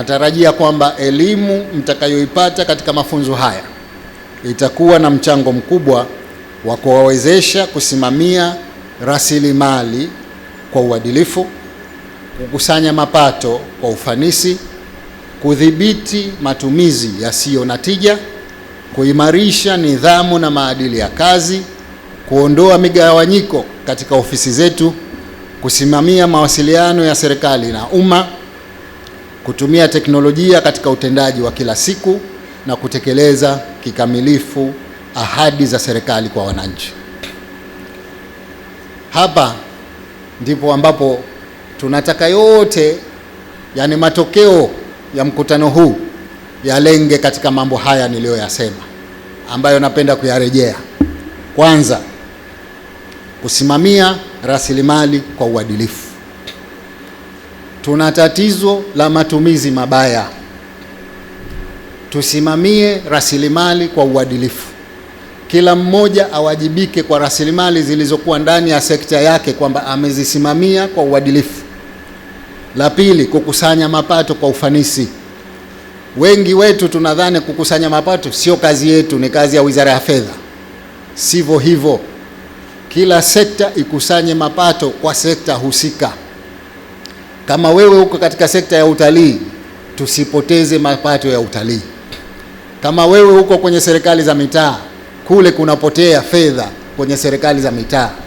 Natarajia kwamba elimu mtakayoipata katika mafunzo haya itakuwa na mchango mkubwa wa kuwawezesha kusimamia rasilimali kwa uadilifu, kukusanya mapato kwa ufanisi, kudhibiti matumizi yasiyo na tija, kuimarisha nidhamu na maadili ya kazi, kuondoa migawanyiko katika ofisi zetu, kusimamia mawasiliano ya serikali na umma kutumia teknolojia katika utendaji wa kila siku na kutekeleza kikamilifu ahadi za serikali kwa wananchi. Hapa ndipo ambapo tunataka yote, yani matokeo ya mkutano huu yalenge katika mambo haya niliyoyasema, ambayo napenda kuyarejea. Kwanza, kusimamia rasilimali kwa uadilifu tuna tatizo la matumizi mabaya. Tusimamie rasilimali kwa uadilifu, kila mmoja awajibike kwa rasilimali zilizokuwa ndani ya sekta yake, kwamba amezisimamia kwa uadilifu. La pili, kukusanya mapato kwa ufanisi. Wengi wetu tunadhani kukusanya mapato sio kazi yetu, ni kazi ya Wizara ya Fedha. Sivyo hivyo, kila sekta ikusanye mapato kwa sekta husika. Kama wewe uko katika sekta ya utalii, tusipoteze mapato ya utalii. Kama wewe uko kwenye serikali za mitaa, kule kunapotea fedha kwenye serikali za mitaa.